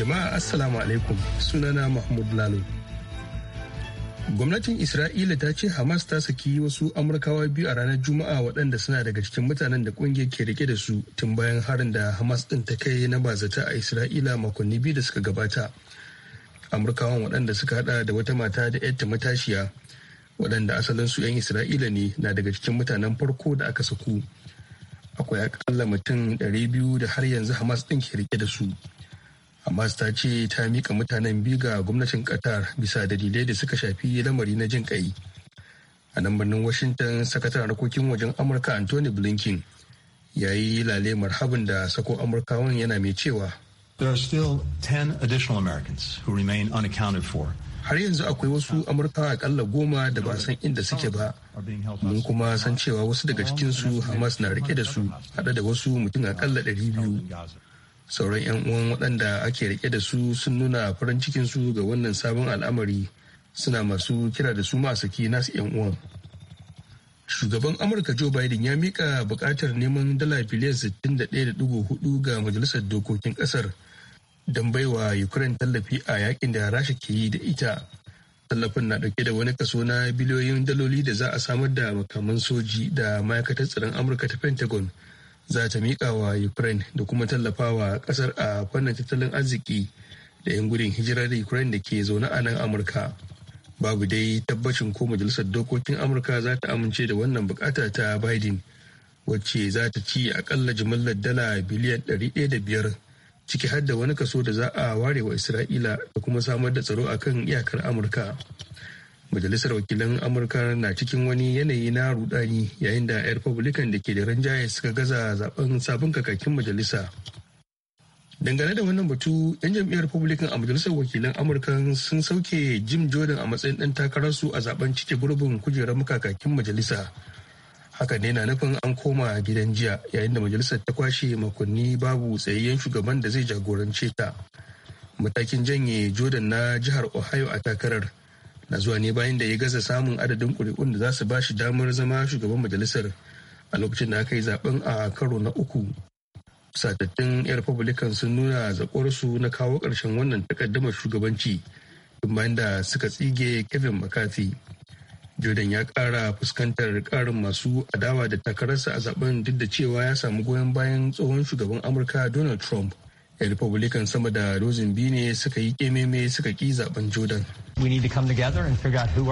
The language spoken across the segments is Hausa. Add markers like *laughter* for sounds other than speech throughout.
Jama'a Assalamu alaikum sunana Mahmud Lalo. Gwamnatin Isra'ila ta ce Hamas ta saki wasu Amurkawa biyu a ranar Juma'a waɗanda suna daga cikin mutanen da ƙungiyar ke rike da su tun bayan harin da Hamas ɗin ta kai na bazata a Isra'ila makonni biyu da suka gabata. Amurkawan waɗanda suka haɗa da wata mata da yadda matashiya waɗanda asalinsu 'yan Isra'ila ne na daga cikin mutanen farko da aka saku. Akwai akalla mutum 200 da har yanzu Hamas ɗin ke rike da su. Hamas ta ce ta mika mutanen biyu ga gwamnatin Qatar bisa dalilai da suka shafi lamari na jin kai. A nan birnin Washington, sakataren harkokin wajen Amurka Anthony Blinken ya yi lale marhabin da sako Amurkawan yana mai cewa. har yanzu akwai wasu amurkawa akalla goma da ba san inda suke ba mun kuma san cewa wasu daga cikinsu hamas na rike da su hada da wasu mutum akalla biyu sauran 'yan uwan waɗanda ake rike da su sun nuna farin cikin su ga wannan sabon al'amari suna masu kira da su masaki nasu 'yan uwan shugaban amurka joe biden ya mika buƙatar neman dala biliyan hudu ga majalisar dokokin ƙasar don baiwa ukraine tallafi a yakin da rasha ke yi da ita tallafin na ɗauke da wani kaso na biliyoyin daloli da za a samar da makaman soji da ma'aikatar tsaron amurka ta pentagon za ta miƙa wa ukraine da kuma tallafawa ƙasar a fannin tattalin arziki da 'yan gudun hijirar ukraine da ke zaune a nan amurka babu dai tabbacin ko majalisar dokokin amurka za ta amince da wannan bukata ta biden wacce za ta ci akalla jimillar dala biliyan 105 ciki har da wani kaso da za a ware wa isra'ila da kuma samar da tsaro akan iyakar amurka majalisar wakilan amurka na cikin wani yanayi na rudani yayin da 'yan republican da ke da ranjaye suka gaza zaben sabon kakakin majalisa dangane da wannan batu 'yan jam'iyyar republican a majalisar wakilan amurka sun sauke jim jordan a matsayin dan takararsu a zaben cike gurbin kujerar makakakin majalisa haka ne na nufin an koma gidan jiya yayin da majalisar ta kwashe makonni babu tsayayyen shugaban da zai jagorance ta matakin janye jordan na jihar ohio a takarar na zuwa ne bayan da ya gaza samun adadin ƙuri'un da za su ba shi damar zama shugaban majalisar a lokacin da aka yi zaben a karo na uku satattun 'yan republican sun nuna zakorsu na kawo ƙarshen wannan takaddamar shugabanci tun bayan da suka tsige kevin mccarthy jordan ya ƙara fuskantar ƙarin masu adawa da takararsa a zaben duk da cewa ya samu goyon bayan tsohon shugaban amurka donald trump republican sama da dozin biyu ne suka yi kememe suka ki zaben jordan we need to come together and figure out who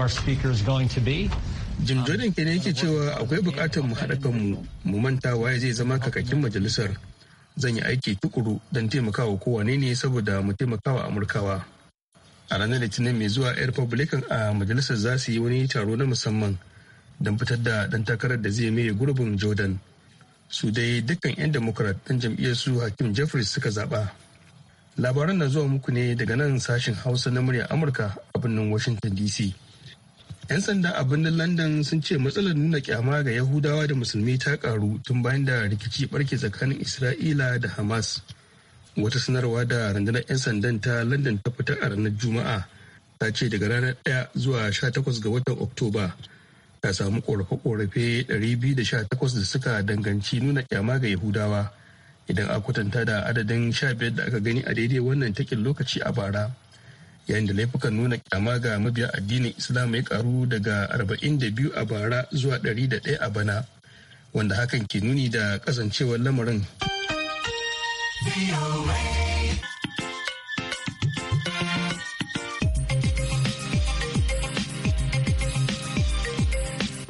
Jim Jordan ke ne yake cewa akwai bukatar mu haɗa kanmu mu manta waye zai zama kakakin majalisar. Zan yi aiki tukuru don taimakawa kowane ne saboda mu taimakawa Amurkawa. A ranar Litinin mai zuwa 'yan Republican a majalisar za su yi wani taro na musamman don fitar da ɗan takarar da zai maye gurbin Jordan. su dai dukkan 'yan democrat ɗan jam'iyyar su hakim jeffries suka zaɓa labaran na zuwa muku ne daga nan sashen hausa na muryar amurka a birnin washington dc 'yan sanda a birnin london sun ce matsalar nuna kyama ga yahudawa da musulmi ta karu tun bayan da rikici barke tsakanin isra'ila da hamas wata sanarwa da rundunar 'yan sandan ta london ta fitar a ranar juma'a ta ce daga ranar 1 zuwa 18 ga watan oktoba ta samu korafe-korafe 218 da suka danganci nuna kyama ga yahudawa idan a kwatanta da adadin 15 da aka gani a daidai wannan takin lokaci a bara yayin da laifukan nuna kyama ga mabiya addinin islam ya karu daga 42 a bara zuwa 101 a bana wanda hakan ke nuni da kasancewar lamarin.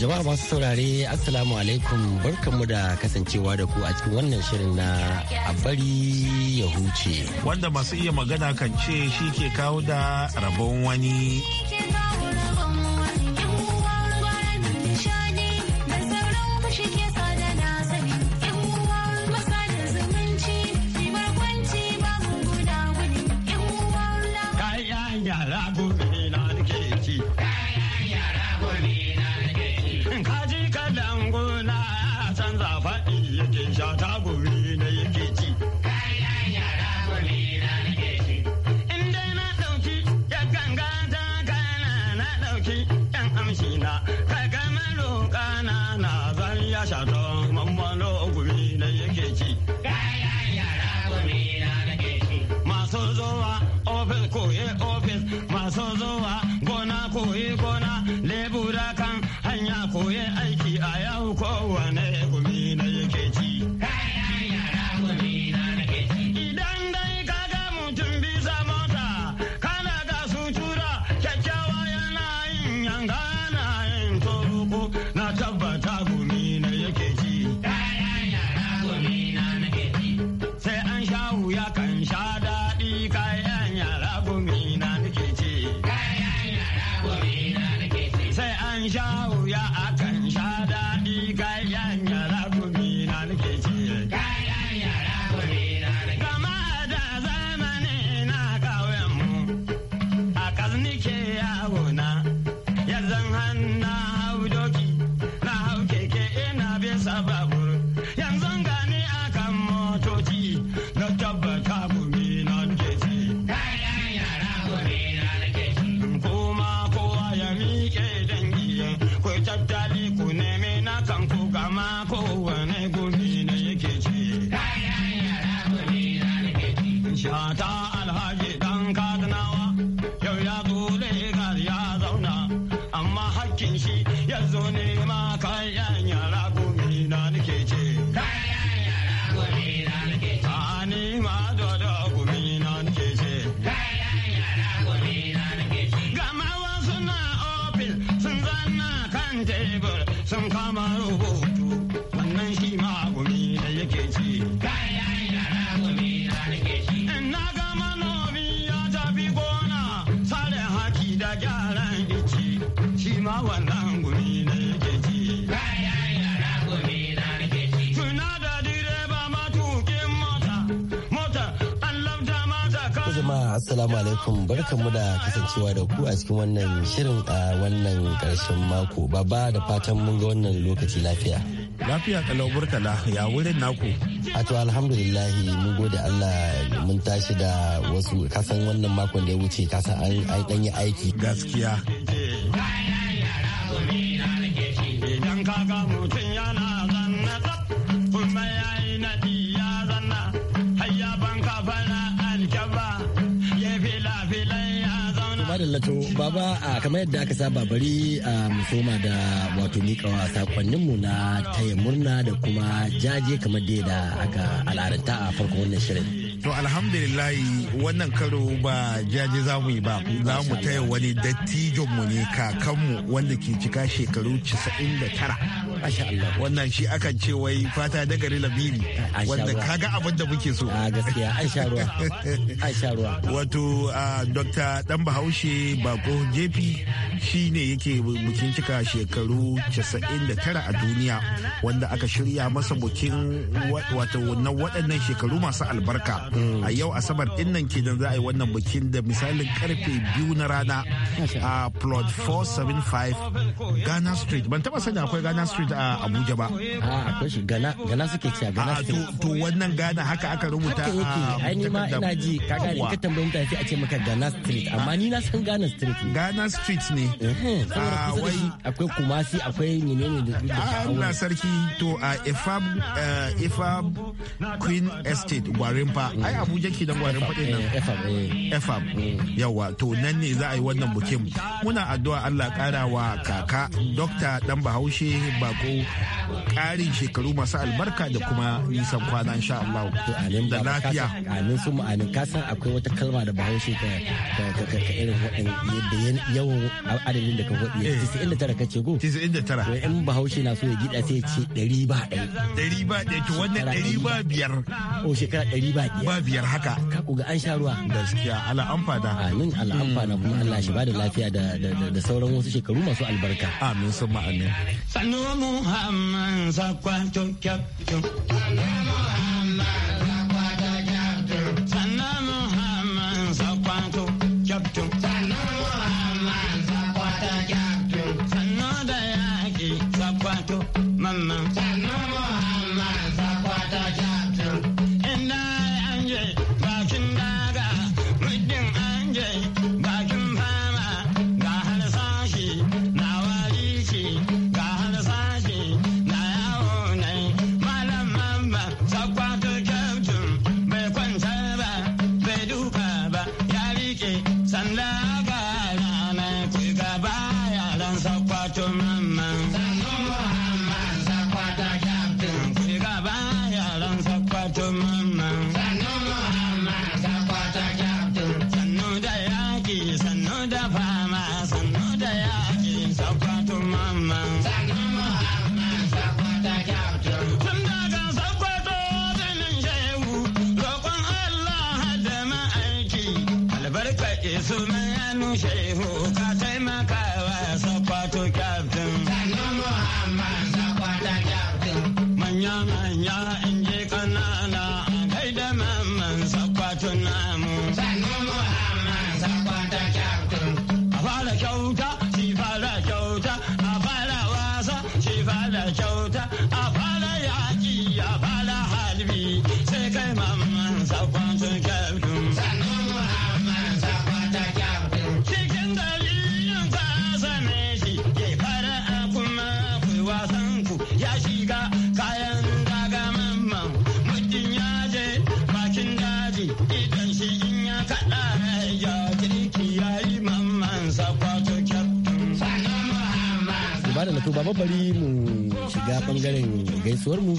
jama'a masu saurare assalamu alaikum barkanmu da kasancewa da ku a cikin wannan shirin na a bari ya huce wanda masu iya magana kan ce shi ke kawo da rabon wani Good. so zo assalamu alaikum barkanmu da kasancewa da ku a cikin wannan shirin a wannan karshen mako baba da fatan mun ga wannan lokaci lafiya lafiya kalau burtala ya wurin naku a to alhamdulillah mun gode Allah mun tashi da wasu kasan wannan makon da ya wuce kasan an yi aiki gaskiya to baba a kamar yadda aka saba bari a musoma da wato mikawa wa sakonninmu na taya murna da kuma jaje kamar da aka al'adanta a farkon wannan shirin. To alhamdulillah wannan karo ba jaje za mu yi ba za mu taya wani dattijonmu ne kakanmu wanda ke cika shekaru 99 masha Allah wannan shi akan ce wai fata da gari labiri wanda kaga abin da muke so a gaskiya an sha ruwa an sha ruwa wato Dr. Dan Bahaushe Bako JP shi ne yake bikin cika shekaru 99 a duniya wanda aka shirya masa bikin wato na waɗannan shekaru masu albarka mm. a yau asabar dinnan kenan za a yi wannan bikin da misalin karfe biyu na rana a plot 475 Ghana Street ban taba sani akwai Ghana Street ta a Abuja ba. A ah, akwai shi gana gana suke ci a gana ah, suke. To wannan gana haka aka rubuta a Haka yake ah, ai ma ina ji ka gane ka tambayi mutane sai a ce maka gana street amma ni na san gana street. Gana street ne. Akwai kumasi akwai menene da Allah sarki to a Ifab Ifab eh, Queen Estate Gwarinfa mm. ai Abuja ke da Gwarinfa din nan. Ifab. Eh, eh. mm. Yawa to nan ne za a yi wannan bukin muna addu'a Allah ƙara wa kaka Dr. Dan Bahaushe ba roƙo ƙarin shekaru masu albarka da kuma nisan kwana insha Allah alim da lafiya amin su mu amin ka san akwai wata kalma da bahaushe ka ka ka irin waɗin yadda yawan adadin da ka faɗi 99 eh. ka ce go 99 to in bahaushe na so ya gida sai ya ce 100 ba 100 ba 100 to wannan 100 ba biyar o shekara 100 ba biyar ba biyar haka ka ku ga an sha ruwa gaskiya ala amfana amin ala hmm. amfana kuma Allah shi ba da lafiya da da sauran wasu shekaru masu albarka amin sun ma'amin sannu mu Muhammad Sakwato Kyafto. wato ba bari mu shiga bangaren gaisuwar mu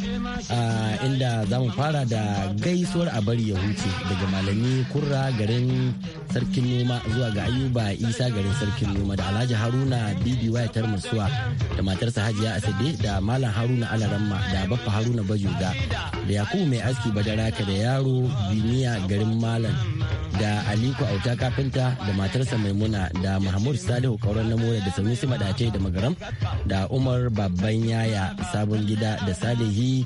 a inda za mu fara da gaisuwar a bari ya huce daga malami kurra garin sarkin noma zuwa ga ayuba isa garin sarkin noma da alhaji haruna bibi wayatar musuwa da matarsa hajiya asade da malam haruna alaramma da baffa haruna bajoga da yakubu mai aski badaraka da yaro biniya garin malam da aliko auta kafinta da matarsa maimuna da mahmud salihu kauran na da sanusi madace da magaram da umar babban yaya sabon gida da salihi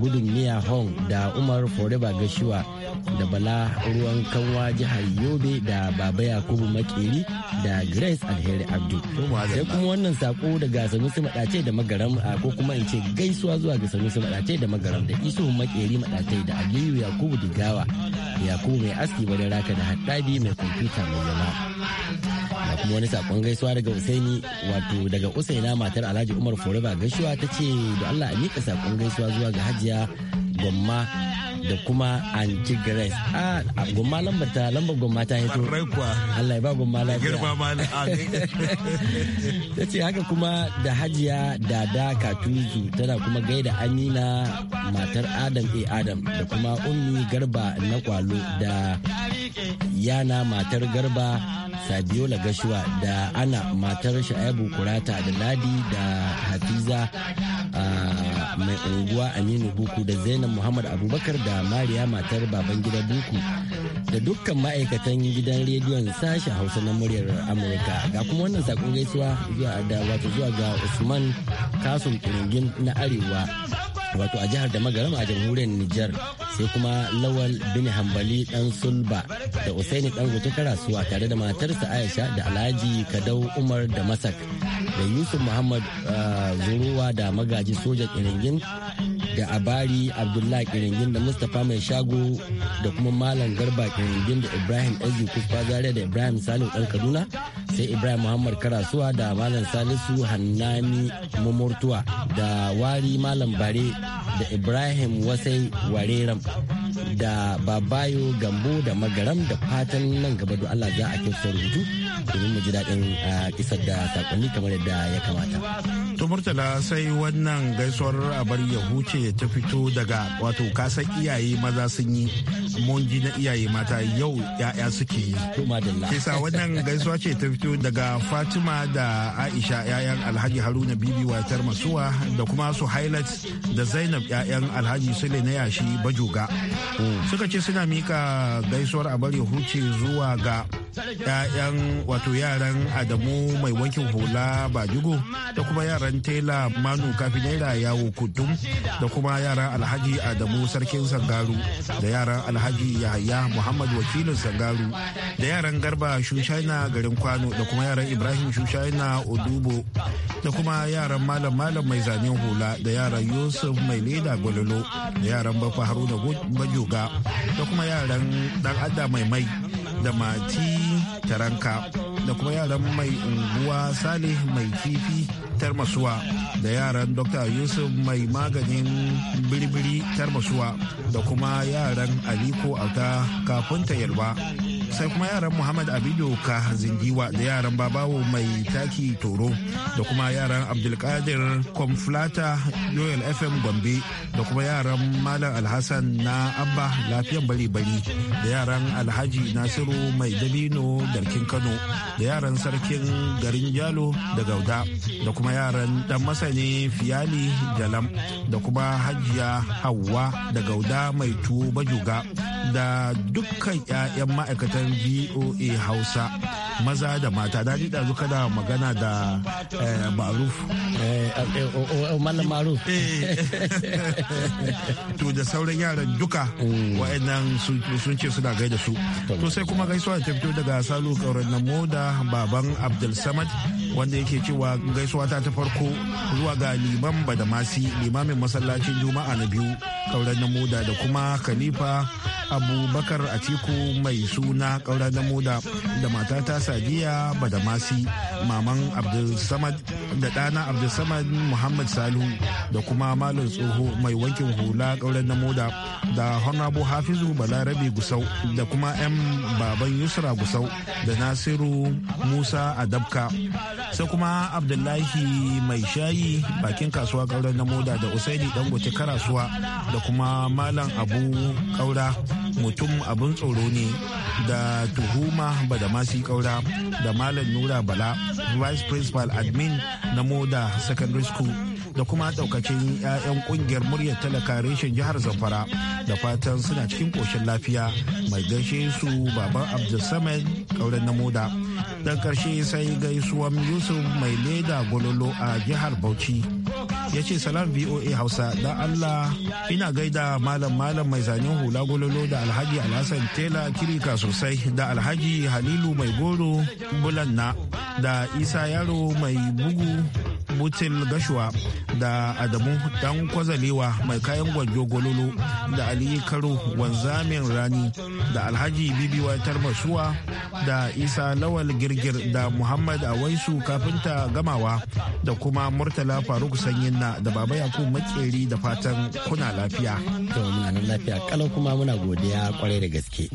gudun miya hong da umar forever gashuwa da bala ruwan kanwa jihar yobe da baba yakubu makeri da grace alheri abdu sai kuma wannan sako daga sanusi madace da magaram ko kuma in ce gaisuwa zuwa ga sanusi madace da magaram da isu makeri madace da aliyu yakubu digawa yakubu mai aski ba da raka da haddadi mai kwamfuta mai yama da kuma wani sakon gaisuwa daga usaini wato daga usaina matar alhaji umar foreba gaisuwa ta ce da allah a miƙa sakon gaisuwa zuwa ga hajiya gwamma da kuma anti grace ah, a gumma lambar ta lambar gumma ta hito Allah ya ba gumma lafiya *laughs* ta ce haka kuma da hajiya dada katuzu tana kuma gaida amina matar adam a adam da kuma ummi garba na kwalo da yana matar garba sabiola gashuwa da ana matar sha'abu kurata da ladi da hafiza a mai unguwa aminu buku da zainab muhammad abubakar da mariya matar baban gida buku da dukkan ma'aikatan gidan rediyon sashen hausa na muryar amurka ga kuma wannan sakon gaisuwa zuwa da wato zuwa ga usman kasum kiringin na arewa wato a jihar da magaram a jamhuriyar Nijar sai kuma Lawal bin Hambali dan Sulba da Usaini dan Gote Karasuwa tare da matarsa Aisha da Alhaji Kadau Umar da Masak da Yusuf Muhammad uh, Zuruwa da magaji soja Iringin da abari abdullahi kiringin da mustapha mai shago da kuma malam garba kiringin da ibrahim azu kusfa zaria da ibrahim salim ɗan kaduna sai ibrahim muhammad karasuwa da malam salisu hannani mamurtuwa da wari malam bare da ibrahim wasai wareram da babayo gambo da magaram da fatan nan gaba da allah za a kyautar rubutu domin mu ji daɗin kisar ah, da sakonni kamar yadda ya kamata to murtala sai wannan gaisuwar abar ya huce ta fito daga wato kasan iyaye maza sun yi monji na iyaye mata yau ya'ya suke yi kisa wannan gaisuwa ce ta fito daga fatima da aisha yayan alhaji haruna bibi watar masuwa da kuma su highlight da zainab yayan alhaji sule na yashi bajoga mm. suka ce suna mika gaisuwar abar ya huce zuwa ga 'ya'yan wato yaran adamu mai wankin hula ba jugo da kuma yaran tela manu kafin naira yawo kudum da kuma yaran alhaji adamu sarkin sangaru da yaran alhaji yahaya muhammad wakilin sangaru da yaran garba shushaina garin kwano da kuma yaran ibrahim shushaina odubo da kuma yaran malam malam mai zanen hula da yaran yusuf mai leda gwalolo da yaran bafa haruna bajoga da kuma yaran dan ada mai mai da mati taranka da kuma yaran mai unguwa salih mai kifi tarmasuwa da yaran dr yusuf mai maganin biribiri tarmasuwa da kuma yaran aliko auta kafin ta yalwa sai kuma yaran muhammad abido ka zindiwa da yaran babawo mai taki toro da kuma yaran abdulkadir kwamflata yoyal fm gombe da kuma yaran malam alhassan na abba lafiyan bari-bari da yaran alhaji nasiru mai dabino darkin kano da yaran sarkin garin jalo da gauda da kuma yaran dan masani fiyali jalam da kuma hajiya hawa da gauda mai tuwo bajuga da dukkan 'ya'yan ma'aikatan voa hausa maza da mata da ji ɗazu da magana da eh, maruf eh, maruf eh. *laughs* to da sauran yaran duka mm. wa'annan sun ce suna gaida su to sai kuma gaisuwa ta fito daga salo kauran namo da baban abdul samad wanda yake cewa gaisuwa ta ta farko zuwa ga liman badamasi limamin masallacin juma'a na biyu ƙaura na moda da kuma khalifa abubakar a atiku mai suna ƙaura na moda da matata sadiya badamasi maman abdulsamad da ɗana abdulsamad muhammad salu da kuma malam tsoho mai wankin hula ƙaura na moda da honabu hafizu balarabe gusau da kuma 'yan baban yusra gusau da nasiru musa adabka sai kuma abdullahi mai shayi bakin kasuwa ƙauren na moda da usaini dangote karasuwa da kuma malam abu kaura mutum abin tsoro ne da tuhuma badamasi kaura da malam nura bala vice principal admin na moda secondary school da kuma daukacin 'ya'yan kungiyar muryar talaka reshen jihar zamfara da fatan suna cikin koshin lafiya mai gaishe su baban abdulsamad kauren na moda dan karshe sai gaisuwan yusuf mai leda gololo a jihar bauchi ya ce salam voa hausa da allah ina gaida malam malam mai zanen hula gololo da alhaji alhassan tela kirika sosai da alhaji halilu mai goro bulanna da isa yaro mai bugu butil gashuwa da adamu dan kwazalewa mai kayan gwanjo gololo da aliyu karo wanzamin rani da alhaji bibiwa tarmasuwa da isa lawal girgir da muhammad awaisu kafinta gamawa da kuma murtala faruk sanyin da Baba Yakubu Makeri da fatan kuna lafiya. To muna nan lafiya kalau kuma muna godiya kwarai da gaske.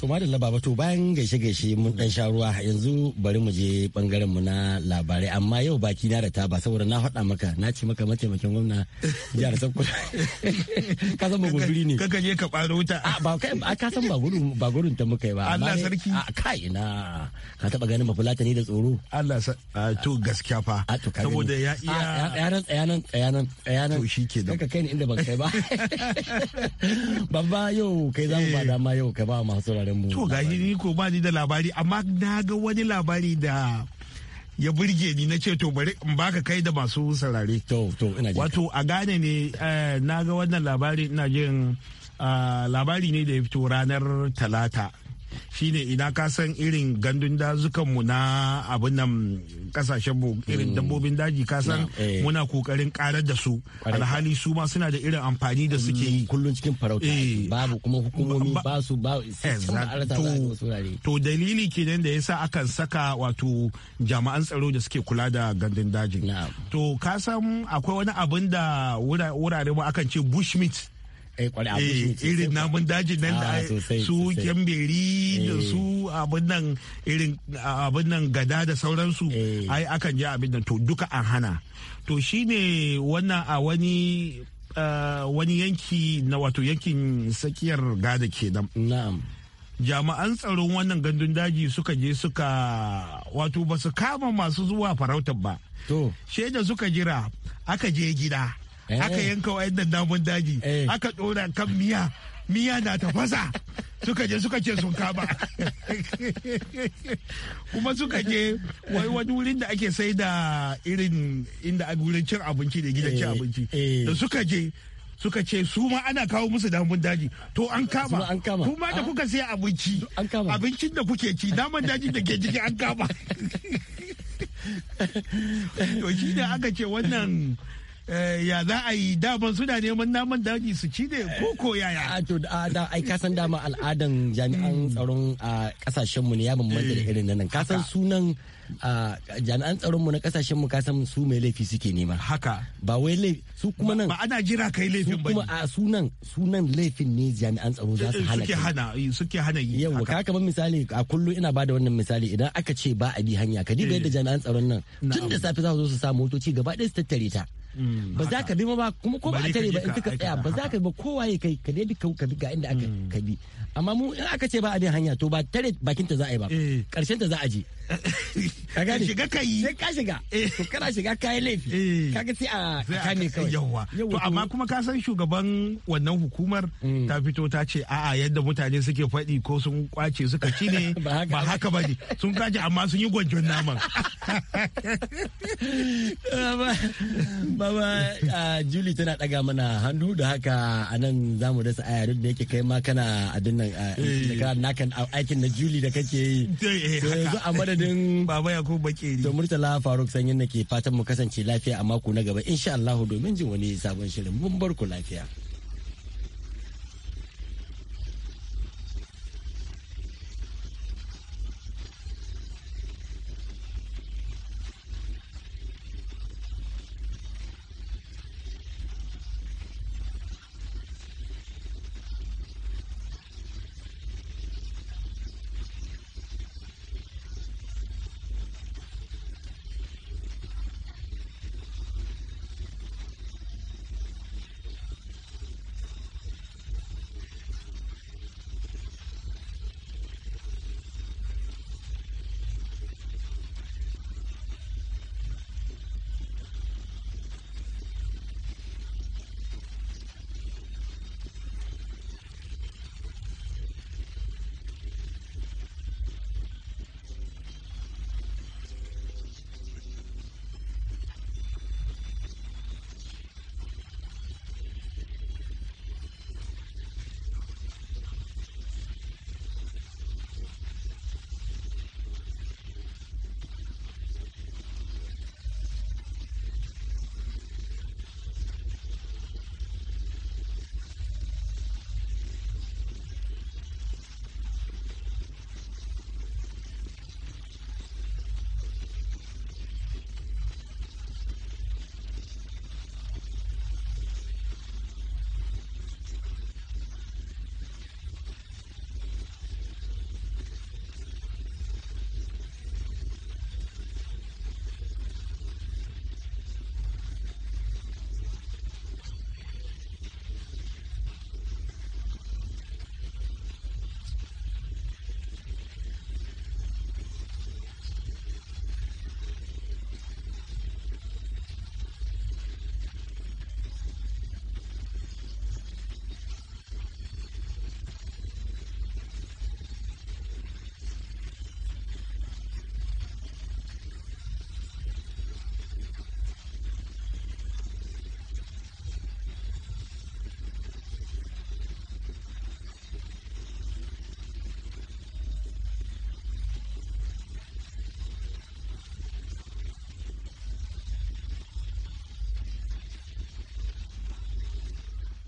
To da baba to bayan gaishe gaishe mun dan sha ruwa yanzu bari mu je bangaren mu na labarai amma yau baki na da ta ba saboda na faɗa maka na ce maka mataimakin gwamna jihar Sokoto. *laughs* Ka san maguduri ne. Kaka je ka ɓaro wuta. ba kai ka san ba gurun ba gurin ta muka yi ba. Allah sarki. Ka na ka taba ganin ba fulata ne da tsoro. Allah sa to gaskiya fa. Saboda ya iya. Ya nan tsaya nan tsaya nan tsaya nan. To shi ke da. Kaka kai ni inda ban kai ba. *laughs* *laughs* Babba yau kai za mu ba eh. dama yau ka ba masu saurare sauraron mu to gashi ni ko ba ni da labari amma na ga wani labari da ya burge ni na ce to bari in baka kai da masu sarare to to ina wato a gane ne eh, na ga wannan labari ina jin ah, labari ne da ya fito ranar talata shine ina ka san irin gandun dazukanmu na abin nan kasashen mu irin mm. dabbobin daji ka san eh. muna kokarin karar da su alhali su ma suna da irin amfani da suke yi mm, kullun cikin farauta eh. babu kuma hukumomi ba su ba to dalili kenan da yasa akan saka wato jami'an tsaro da suke kula da gandun daji. to ka san akwai wani abin da wurare ma akan ce bushmeat Eh, eh, irin namun daji nan da ah, su kyanberi eh. da su abin nan gada da sauransu ai akan je abin nan to duka an hana to shi ne wannan a wani wani yanki na wato yankin tsakiyar gada kenan na'am jami'an tsaron wannan gandun daji suka je suka wato ba su kama masu zuwa farautar ba she da suka jira aka je gida Eh. aka yanka yadda namun daji eh. aka ɗora kan miya miya na tafasa suka je suka ce sun kaba *laughs* kuma suka je wai wani wurin da ake sai da irin inda a wurin cin abinci da gidan cin eh. abinci da suka je suka ce su ma ana kawo musu damun daji to an kama kuma da ah. kuka sai abinci abincin da kuke ci damun daji da ke jiki an kama *laughs* to shi ne aka ce wannan Eh, ya za a yi daban suna neman naman daji su ci ne ko yaya a to da ai ka san dama al'adan jami'an hmm. tsaron a kasashen mu ne ya bambanta da eh. irin nan ka san sunan jami'an tsaron mu na kasashen mu ka san su mai laifi suke nema haka ba wai laifi su kuma nan ba ana jira kai laifin ba kuma a sunan sunan laifin ne jami'an tsaro za su eh, hana suke hana suke hana yi yawa ka kamar misali a kullu ina bada wannan misali idan aka ce ba a bi hanya ka diba yadda jami'an tsaron nan tun da safe za su zo su sa motoci gaba ɗaya su tattare ta Mm. ba za ka nema ba kuma ko ba a tare ba in ka tsaya ba za ka ba kowa ya kai ka bi ka bi ga inda aka mm. ka bi amma mu in aka ce ba a bin hanya to ba tare bakin ta za a yi ba karshen eh. ta za a je *laughs* ka gane shiga ka yi sai ka shiga eh. to kana shiga kai laifi eh. ka ga sai a ka ne kai yawa to amma kuma ka san shugaban wannan hukumar mm. ta fito ta ce a a yadda mutane suke faɗi ko sun kwace suka ci ne *laughs* ba haka ba ne sun kaji amma sun yi gwanjon naman *laughs* mama juli tana daga mana hannu da haka a nan za mu dasa aya duk da yake kai ma kana abin nan eh. nakan aikin na juli da kake yi. Eh, yanzu a madadin *laughs* Baba Yakubu Bakeri. To Murtala Faruk Sanyin na ke fatan mu kasance lafiya a mako na gaba insha Allah domin jin wani sabon shirin mun bar ku lafiya.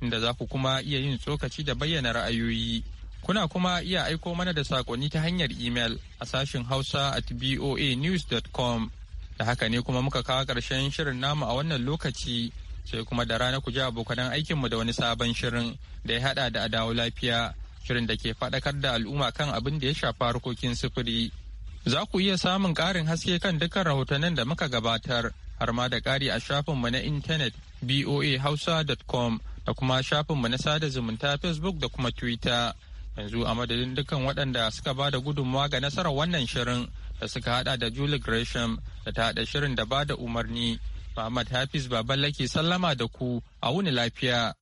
inda za ku kuma iya yin tsokaci da bayyana ra'ayoyi. Kuna kuma iya aiko mana da saƙonni ta hanyar imel a sashen Hausa at voanews.com. Da haka ne kuma muka kawo ƙarshen shirin namu a wannan lokaci sai kuma da rana ku ji abokanan aikinmu da wani sabon shirin da ya haɗa da adawo lafiya shirin da ke faɗakar da al'umma kan abin da ya shafi harkokin sufuri. Za ku iya samun ƙarin haske kan dukkan rahotannin da muka gabatar har ma da ƙari a shafinmu na intanet boahausa.com da kuma shafinmu na sada zumunta Facebook da kuma Twitter. Yanzu a madadin dukkan waɗanda suka ba da gudunmawa ga nasarar wannan shirin da suka hada da Julie Gresham da ta haɗa shirin da ba da umarni. Muhammad Hafiz Baballake sallama da ku a wuni lafiya.